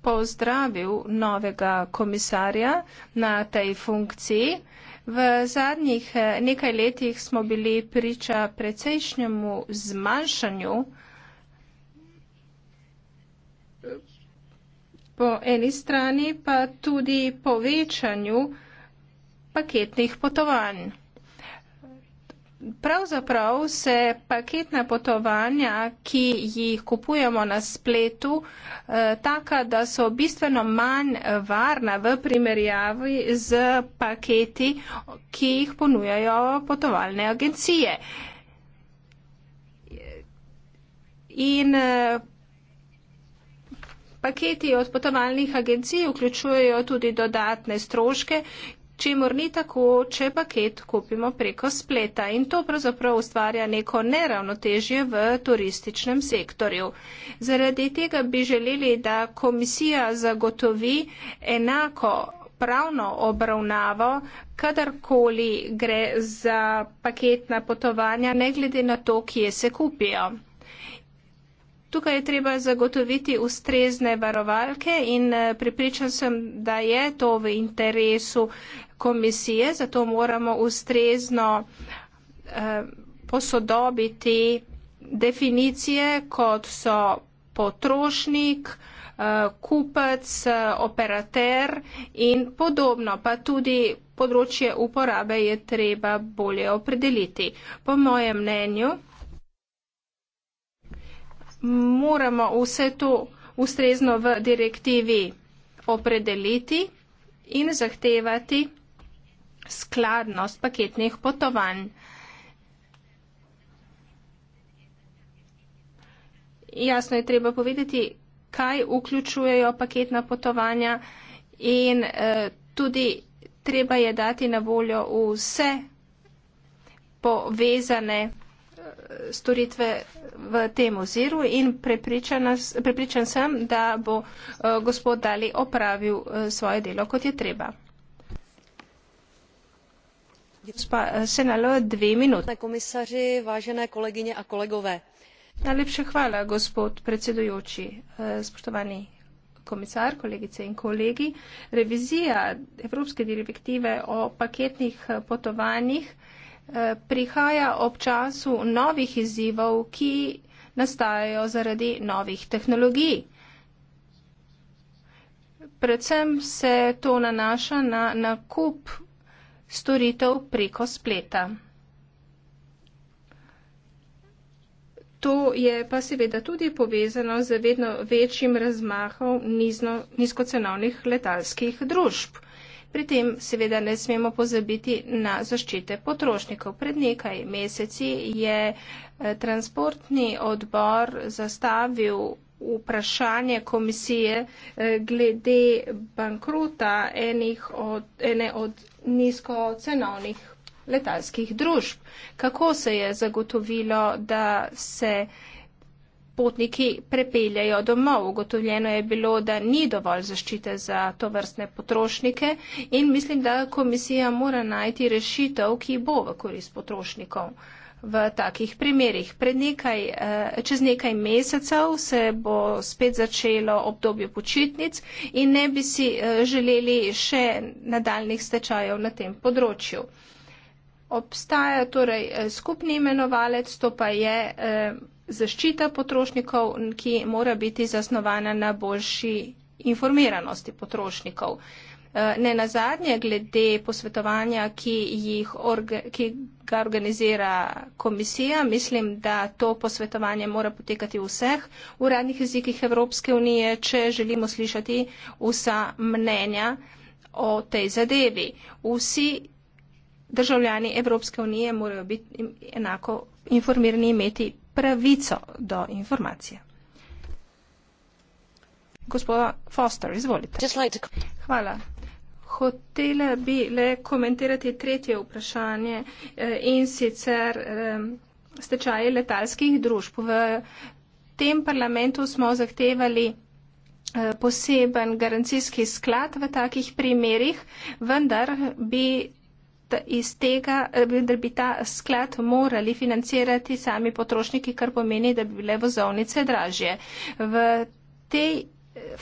pozdravil novega komisarja na tej funkciji. V zadnjih eh, nekaj letih smo bili priča precejšnjemu zmanjšanju po eni strani pa tudi povečanju paketnih potovanj. Pravzaprav se paketna potovanja, ki jih kupujemo na spletu, eh, taka, da so bistveno manj varna v primerjavi z paketi, ki jih ponujajo potovalne agencije. In eh, paketi od potovalnih agencij vključujejo tudi dodatne stroške, če mor ni tako, če paket kupimo preko spleta in to pravzaprav ustvarja neko neravnotežje v turističnem sektorju. Zaradi tega bi želeli, da komisija zagotovi enako pravno obravnavo, kadarkoli gre za paketna potovanja, ne glede na to, kje se kupijo. Tukaj je treba zagotoviti ustrezne varovalke in eh, pripričan sem, da je to v interesu komisije, zato moramo ustrezno eh, posodobiti definicije, kot so potrošnik, eh, kupec, operater in podobno, pa tudi področje uporabe je treba bolje opredeliti. Po mojem mnenju, moramo vse to ustrezno v direktivi opredeliti in zahtevati skladnost paketnih potovanj. Jasno je treba povedati, kaj vključujejo paketna potovanja in eh, tudi treba je dati na voljo vse povezane storitve v tem oziru in prepričan sem, da bo eh, gospod Dali opravil eh, svoje delo, kot je treba. Gospa eh, Senalo, dve minute. Vážené komisaři, vážené kolegyne a kolegové. Najlepša hvala, gospod predsedujoči, spoštovani komisar, kolegice in kolegi. Revizija Evropske direktive o paketnih potovanjih prihaja ob času novih izzivov, ki nastajajo zaradi novih tehnologij. Predvsem se to nanaša na nakup storitev preko spleta. To je pa seveda tudi povezano z vedno večjim razmahom nizkocenovnih letalskih družb. Pri tem seveda ne smemo pozabiti na zaščite potrošnikov. Pred nekaj meseci je eh, transportni odbor zastavil vprašanje komisije eh, glede bankrota enih od, ene od nizkocenovnih letalskih družb. Kako se je zagotovilo, da se potniki prepeljajo domov. Ugotovljeno je bilo, da ni dovolj zaščite za to vrstne potrošnike in mislim, da komisija mora najti rešitev, ki bo v korist potrošnikov. V takih primerjih. Nekaj, eh, čez nekaj mesecev se bo spet začelo obdobje počitnic in ne bi si eh, želeli še nadaljnih stečajev na tem področju. Obstaja torej eh, skupni imenovalec, to pa je zaščita potrošnikov, ki mora biti zasnovana na boljši informiranosti potrošnikov. Eh, ne na zadnje, glede posvetovanja, ki, jih, ki ga organizira komisija, mislim, da to posvetovanje mora potekati v vseh uradnih jezikih Evropske unije, če želimo slišati vsa mnenja o tej zadevi. Vsi državljani Evropske unije morajo biti enako informirani, imeti pravico do informacije. Gospoda Foster, izvolite. Hvala. Hotela bi le komentirati tretje vprašanje eh, in sicer eh, stečaje letalskih družb. V tem parlamentu smo zahtevali eh, poseben garancijski sklad v takih primerih, vendar bi iz tega, eh, da bi ta sklad morali financirati sami potrošniki, kar pomeni, da bi bile vozovnice dražje. V tej eh,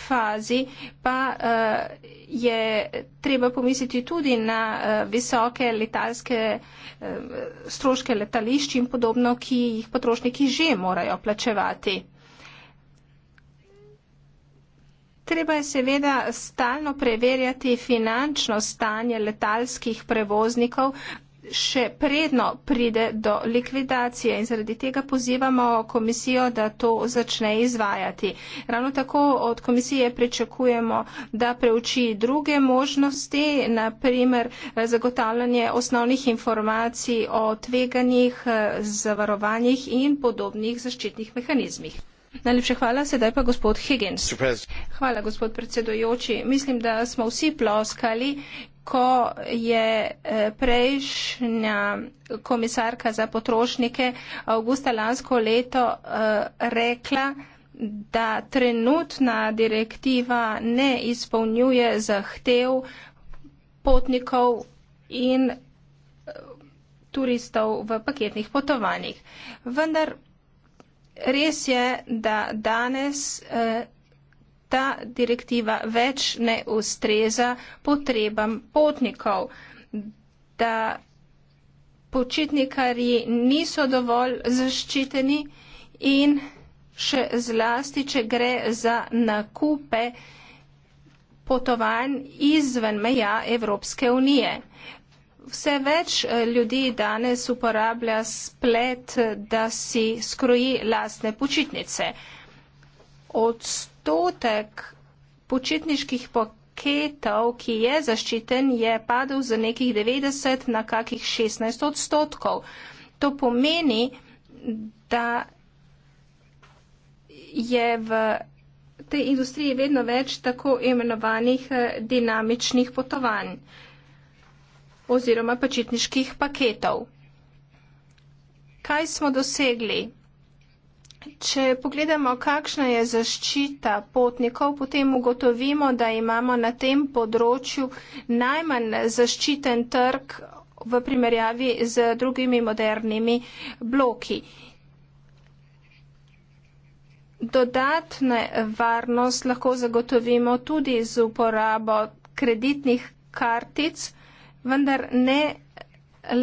fazi pa uh, je treba pomisliti tudi na uh, visoke letalske uh, stroške letališč in podobno, ki jih potrošniki že morajo plačevati. Treba je seveda stalno preverjati finančno stanje letalskih prevoznikov še predno pride do likvidacije in zaradi tega pozivamo komisijo, da to začne izvajati. Ravno tako od komisije pričakujemo, da preuči druge možnosti, naprimer zagotavljanje osnovnih informacij o tveganjih, zavarovanjih in podobnih zaščitnih mehanizmih. Najlepša hvala, sedaj pa gospod Higgins. Hvala, gospod predsedujoči. Mislim, da smo vsi ploskali, ko je eh, prejšnja komisarka za potrošnike avgusta lansko leto eh, rekla, da trenutna direktiva ne izpolnjuje zahtev potnikov in eh, turistov v paketnih potovanjih. Vendar res je, da danes eh, ta direktiva več ne ustreza potrebam potnikov, da počitnikarji niso dovolj zaščiteni in še zlasti, če gre za nakupe potovanj izven meja Evropske unije vse več eh, ljudi danes uporablja splet, da si skroji lastne počitnice. Odstotek počitniških paketov, ki je zaščiten, je padel za nekih 90 na kakih 16 odstotkov. To pomeni, da je v tej industriji vedno več tako imenovanih eh, dinamičnih potovanj oziroma počitniških paketov. Kaj smo dosegli? Če pogledamo, kakšna je zaščita potnikov, potem ugotovimo, da imamo na tem področju najmanj zaščiten trg v primerjavi z drugimi modernimi bloki. Dodatne varnost lahko zagotovimo tudi z uporabo kreditnih kartic, vendar ne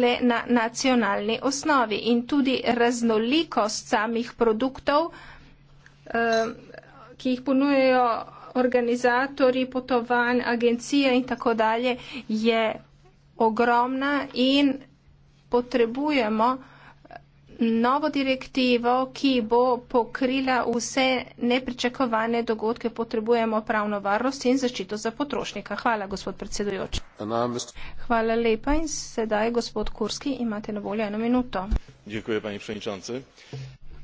le na nacionalni osnovi in tudi raznolikost samih produktov, eh, ki jih ponujejo organizatori, potovanj, agencije in tako dalje, je ogromna in potrebujemo novo direktivo, ki bo pokrila vse nepričakovane dogodke, potrebujemo pravno varnost in zaščito za potrošnika. Hvala, gospod predsedujoč. Hvala lepa in sedaj, gospod Kurski, imate na voljo eno minuto. Dziękuję, pani przewodnicząca.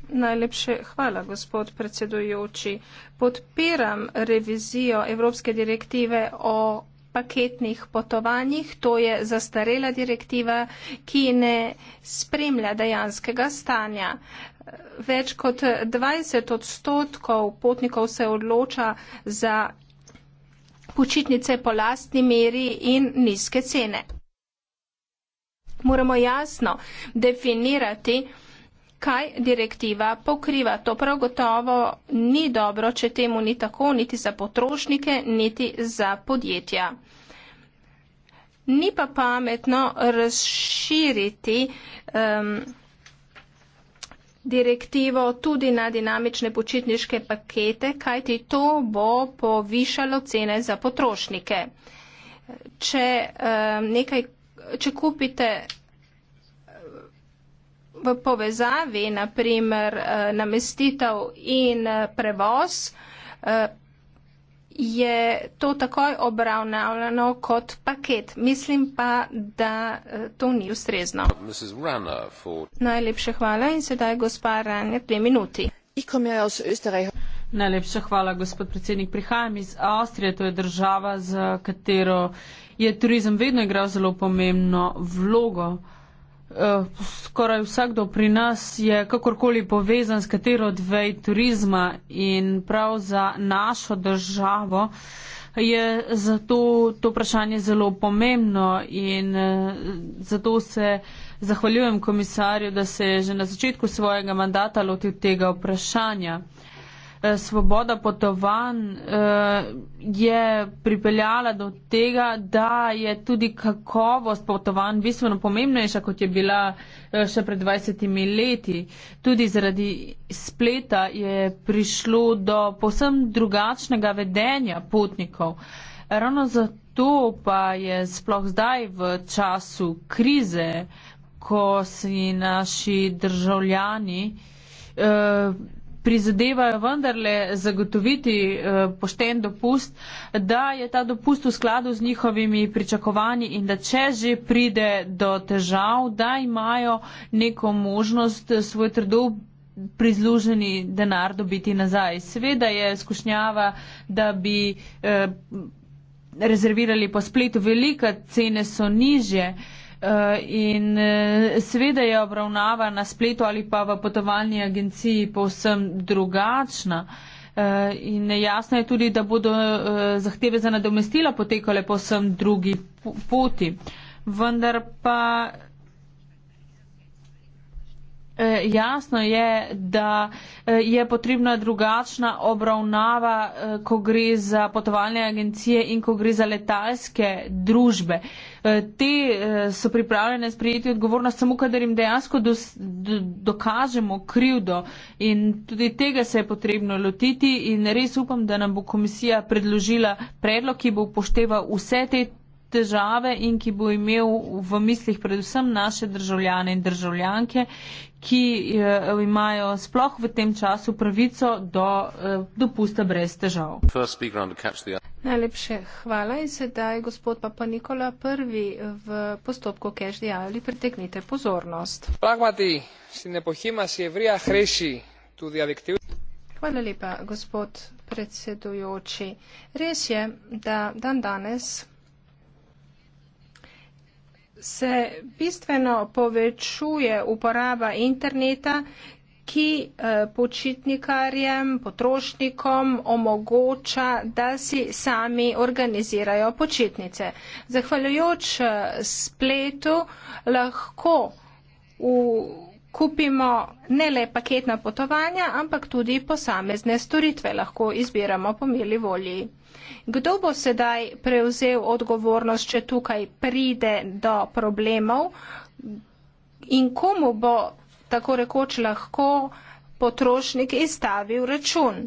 Najlepše hvala, gospod predsedujoči. Podpiram revizijo Evropske direktive o paketnih potovanjih, to je zastarela direktiva, ki ne spremlja dejanskega stanja. Več kot 20 odstotkov potnikov se odloča za počitnice po lastni meri in nizke cene. Moramo jasno definirati, kaj direktiva pokriva. To prav gotovo ni dobro, če temu ni tako, niti za potrošnike, niti za podjetja. Ni pa pametno razširiti um, direktivo tudi na dinamične počitniške pakete, kajti to bo povišalo cene za potrošnike. Če, um, nekaj, če kupite v povezavi, naprimer eh, namestitev in eh, prevoz, eh, je to takoj obravnavljeno kot paket. Mislim pa, da to ni ustrezno. Najlepše hvala in sedaj gospa Rane, dve minuti. Ja Najlepša hvala, gospod predsednik. Prihajam iz Avstrije, to je država, za katero je turizem vedno igral zelo pomembno vlogo. Uh, skoraj vsakdo pri nas je kakorkoli povezan s katero dvej turizma in prav za našo državo je zato to vprašanje zelo pomembno in eh, zato se zahvaljujem komisarju, da se je že na začetku svojega mandata lotil tega vprašanja. Eh, svoboda potovanj eh, je pripeljala do tega, da je tudi kakovost potovanj bistveno pomembnejša, kot je bila eh, še pred 20 leti. Tudi zaradi spleta je prišlo do posem drugačnega vedenja potnikov. Ravno zato pa je sploh zdaj v času krize, ko si naši državljani eh, prizadevajo vendarle zagotoviti eh, pošten dopust, da je ta dopust v skladu z njihovimi pričakovanji in da če že pride do težav, da imajo neko možnost svoj trdo prizluženi denar dobiti nazaj. Sveda je skušnjava, da bi eh, rezervirali po spletu, velika cene so nižje. Eh, in eh, seveda je obravnava na spletu ali pa v potovalni agenciji povsem drugačna. Eh, in jasno je tudi, da bodo zahteve za nadomestila potekale povsem drugi poti. Vendar pa jasno je, da je potrebna drugačna obravnava, ko gre za potovalne agencije in ko gre za letalske družbe. Eh, te eh, so pripravljene sprejeti odgovornost samo, kadar jim dejansko dos, do, dokažemo krivdo in tudi tega se je potrebno lotiti in res upam, da nam bo komisija predložila predlog, ki bo upošteval vse te težave in ki bo imel v mislih predvsem naše državljane in državljanke, ki uh, imajo sploh v tem času pravico do uh, dopusta brez težav. Najlepše hvala in sedaj gospod Papa Nikola prvi v postopku Cash the Ali pritegnite pozornost. Pragmati, si ne pohima, si evrija hreši tudi adjektiv. Hvala lepa, gospod predsedujoči. Res je, da dan danes se bistveno povečuje uporaba interneta, ki eh, počitnikarjem, potrošnikom omogoča, da si sami organizirajo počitnice. Zahvaljujoč eh, spletu lahko v kupimo ne le paketna potovanja, ampak tudi posamezne storitve lahko izbiramo po mili volji. Kdo bo sedaj prevzel odgovornost, če tukaj pride do problemov in komu bo tako rekoč lahko potrošnik izstavil račun?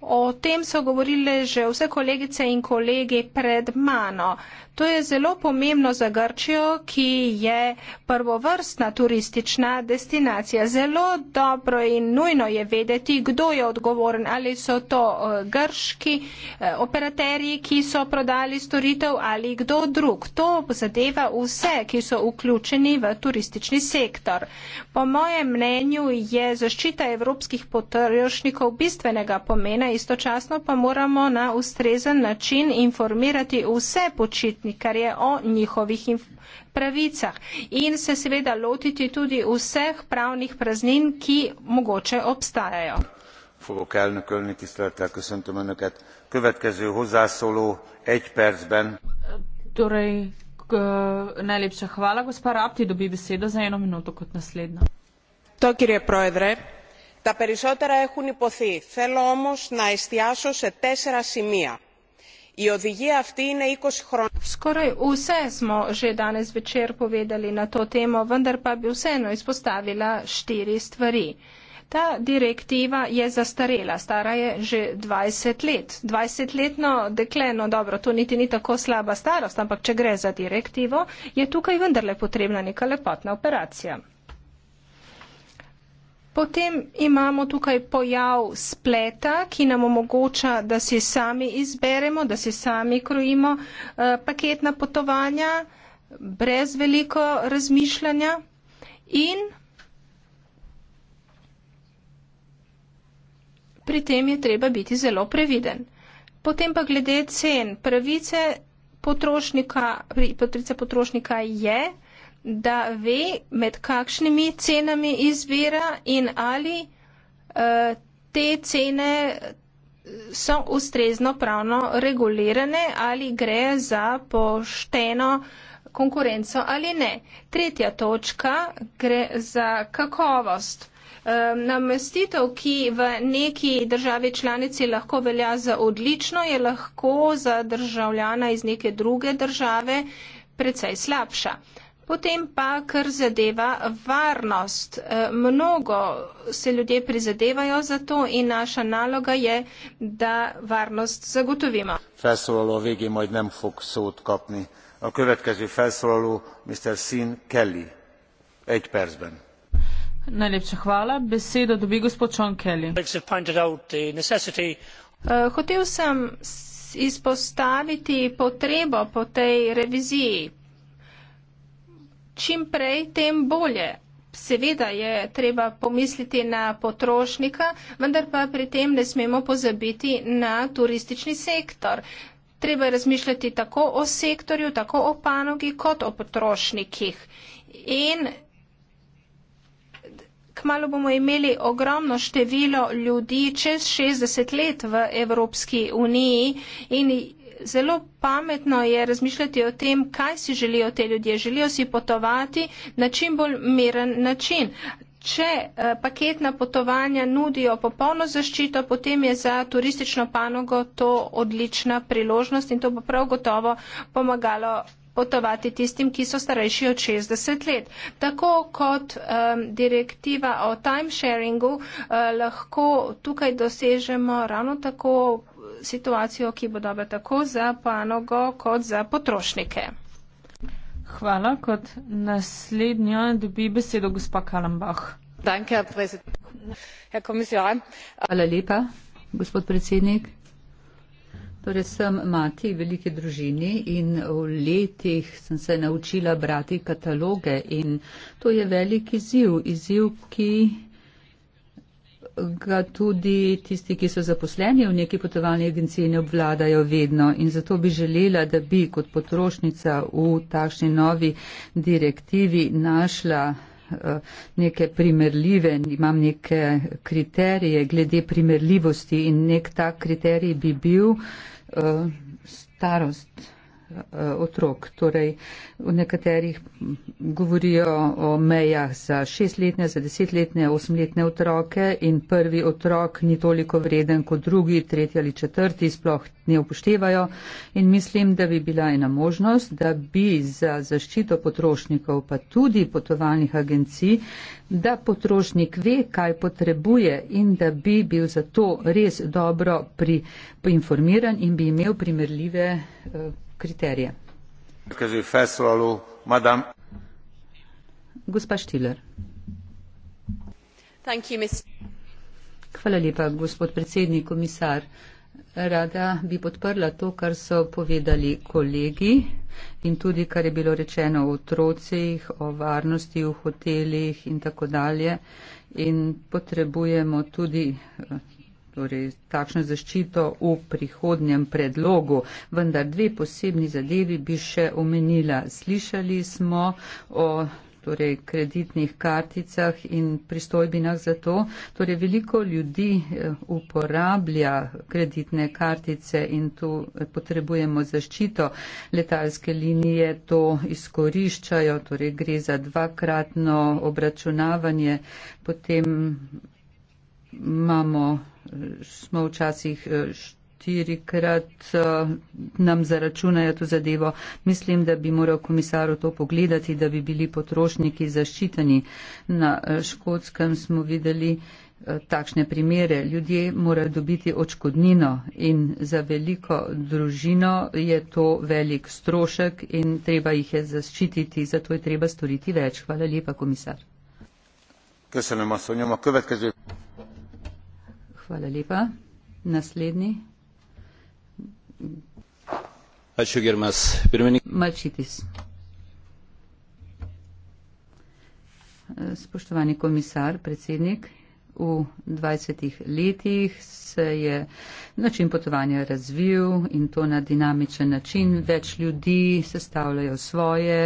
O tem so govorile že vse kolegice in kolegi pred mano. To je zelo pomembno za Grčijo, ki je prvovrstna turistična destinacija. Zelo dobro in nujno je vedeti, kdo je odgovoren. Ali so to e, grški e, operaterji, ki so prodali storitev ali kdo drug. To zadeva vse, ki so vključeni v turistični sektor. Po mojem mnenju je zaščita evropskih potrošnikov bistvenega pomena istočasno pa moramo na ustrezen način informirati vse počitnikarje o njihovih pravicah in se seveda lotiti tudi vseh pravnih praznin, ki mogoče obstajajo. Torej, k, najlepša hvala, gospa Rapti, dobi besedo za eno minuto kot naslednja. To, kjer je projedre τα περισσότερα έχουν υποθεί θέλω όμως να εστιάσω σε τέσσερα σημεία η οδηγία αυτή είναι 20 χρόνια. Skoraj vse smo že danes večer povedali na to temo, vendar pa bi vseeno izpostavila štiri stvari. Ta direktiva je zastarela, stara je že 20 let. 20-letno dekleno, dobro, to niti ni tako slaba starost, ampak če gre za direktivo, je tukaj vendarle potrebna neka lepotna operacija. Potem imamo tukaj pojav spleta, ki nam omogoča, da si sami izberemo, da si sami krojimo eh, paketna potovanja brez veliko razmišljanja in pri tem je treba biti zelo previden. Potem pa glede cen pravice potrošnika, pravica potrošnika je da ve, med kakšnimi cenami izbira in ali eh, te cene so ustrezno pravno regulirane ali gre za pošteno konkurenco ali ne. Tretja točka gre za kakovost. Eh, namestitev, ki v neki državi članici lahko velja za odlično, je lahko za državljana iz neke druge države precej slabša. Potem pa, kar zadeva varnost. Eh, mnogo se ljudje prizadevajo za to in naša naloga je, da varnost zagotovimo. Felsoloval ovegi majd nem fog sót kapni. A következő felsoloval, Mr. Sin Kelly. Egy percben. Najlepša hvala. Besedo dobi gospod John Kelly. Eh, hotel sem izpostaviti potrebo po tej reviziji, čim prej, tem bolje. Seveda je treba pomisliti na potrošnika, vendar pa pri tem ne smemo pozabiti na turistični sektor. Treba je razmišljati tako o sektorju, tako o panogi, kot o potrošnikih. In kmalo bomo imeli ogromno število ljudi čez 60 let v Evropski uniji in zelo pametno je razmišljati o tem, kaj si želijo te ljudje. Želijo si potovati na čim bolj miren način. Če eh, paketna potovanja nudijo popolno zaščito, potem je za turistično panogo to odlična priložnost in to bo prav gotovo pomagalo potovati tistim, ki so starejši od 60 let. Tako kot um, direktiva o timesharingu uh, lahko tukaj dosežemo ravno tako situacijo, ki bo dobra tako za panogo kot za potrošnike. Hvala. Kot naslednja dobi besedo gospa Kalambah. Danke, Hvala lepa, gospod predsednik. Torej sem mati velike družini in v letih sem se naučila brati kataloge in to je velik izziv, izziv, ki ga tudi tisti, ki so zaposleni v neki potovalni agenciji, ne obvladajo vedno. In zato bi želela, da bi kot potrošnica v takšni novi direktivi našla eh, neke primerljive, imam neke kriterije glede primerljivosti in nek tak kriterij bi bil uh, starost. Eh, otrok. Torej, v nekaterih govorijo o mejah za šestletne, za desetletne, osmletne otroke in prvi otrok ni toliko vreden kot drugi, tretji ali četrti, sploh ne upoštevajo. In mislim, da bi bila ena možnost, da bi za zaščito potrošnikov, pa tudi potovalnih agencij, da potrošnik ve, kaj potrebuje in da bi bil zato res dobro pri, informiran in bi imel primerljive. Uh, kriterije. Hvala lepa, gospod predsednik, komisar. Rada bi podprla to, kar so povedali kolegi in tudi, kar je bilo rečeno o otrocih, o varnosti v hotelih in tako dalje. In potrebujemo tudi eh, torej takšno zaščito v prihodnjem predlogu. Vendar dve posebni zadevi bi še omenila. Slišali smo o torej kreditnih karticah in pristojbinah za to. Torej veliko ljudi eh, uporablja kreditne kartice in tu eh, potrebujemo zaščito. Letalske linije to izkoriščajo, torej gre za dvakratno obračunavanje. Potem imamo smo včasih eh, štirikrat eh, nam zaračunajo to zadevo. Mislim, da bi moral komisar to pogledati, da bi bili potrošniki zaščiteni. Na eh, Škotskem smo videli takšne primere. Ljudje morajo dobiti očkodnino in za veliko družino je to velik strošek in treba jih je zaščititi, zato je treba storiti več. Hvala lepa, komisar. Köszönöm, asszonyom. A következő... Hvala lepa. Naslednji. Ačiogirmas, pirmininkas. Malčitis. Spoštovani komisar, predsednik, v 20 letih se je način potovanja razvil in to na dinamičen način. Več ljudi sestavljajo svoje,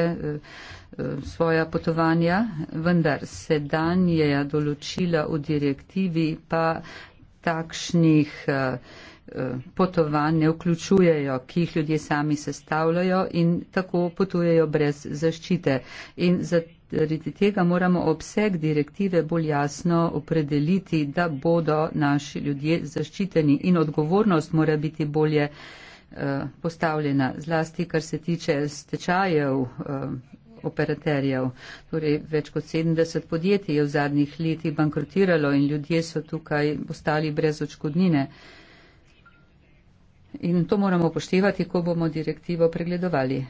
eh, svoja potovanja, vendar sedanje določila v direktivi pa takšnih eh, eh, potovanj ne vključujejo, ki jih ljudje sami sestavljajo in tako potujejo brez zaščite. In zaradi tega moramo obseg direktive bolj jasno opredeliti, da bodo naši ljudje zaščiteni in odgovornost mora biti bolje eh, postavljena, zlasti kar se tiče stečajev operaterjev. Torej, več kot 70 podjetij je v zadnjih letih bankrotiralo in ljudje so tukaj ostali brez očkodnine. In to moramo poštevati, ko bomo direktivo pregledovali.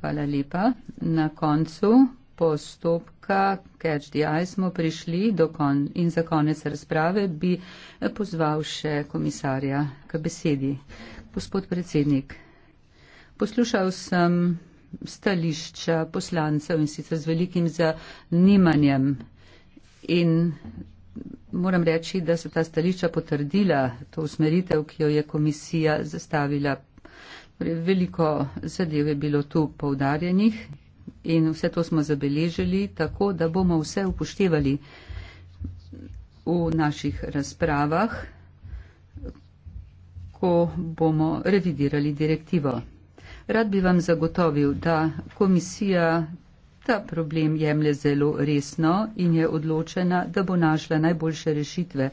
Hvala lepa. Na koncu postopka Catch the Eye smo prišli do kon in za konec razprave bi pozval še komisarja k besedi. Gospod predsednik. Poslušal sem stališča poslancev in sicer z velikim zanimanjem in moram reči, da so ta stališča potrdila to usmeritev, ki jo je komisija zastavila. Torej, veliko zadev je bilo tu poudarjenih in vse to smo zabeležili tako, da bomo vse upoštevali v naših razpravah, ko bomo revidirali direktivo. Rad bi vam zagotovil, da komisija ta problem jemlje zelo resno in je odločena, da bo našla najboljše rešitve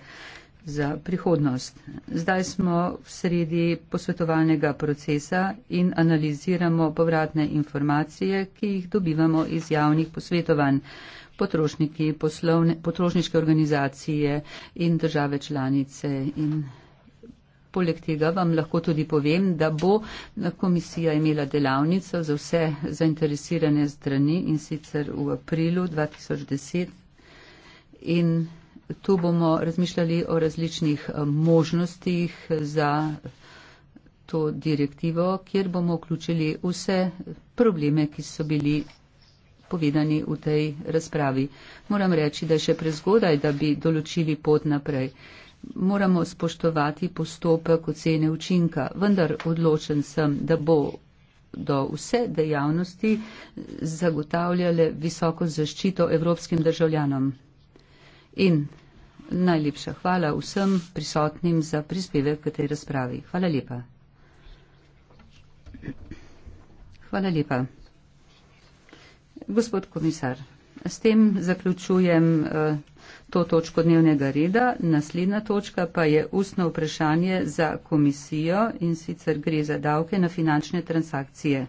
za prihodnost. Zdaj smo v sredi posvetovalnega procesa in analiziramo povratne informacije, ki jih dobivamo iz javnih posvetovanj potrošniki, poslovne, potrošniške organizacije in države članice in Poleg tega vam lahko tudi povem, da bo komisija imela delavnico za vse zainteresirane strani in sicer v aprilu 2010. In tu bomo razmišljali o različnih eh, možnostih za to direktivo, kjer bomo vključili vse probleme, ki so bili povedani v tej razpravi. Moram reči, da je še prezgodaj, da bi določili pot naprej moramo spoštovati postopek ocene učinka, vendar odločen sem, da bo do vse dejavnosti zagotavljale visoko zaščito evropskim državljanom. In najlepša hvala vsem prisotnim za prispevek k tej razpravi. Hvala lepa. Hvala lepa. Gospod komisar, s tem zaključujem. Uh, to točko dnevnega reda. Naslednja točka pa je ustno vprašanje za komisijo in sicer gre za davke na finančne transakcije.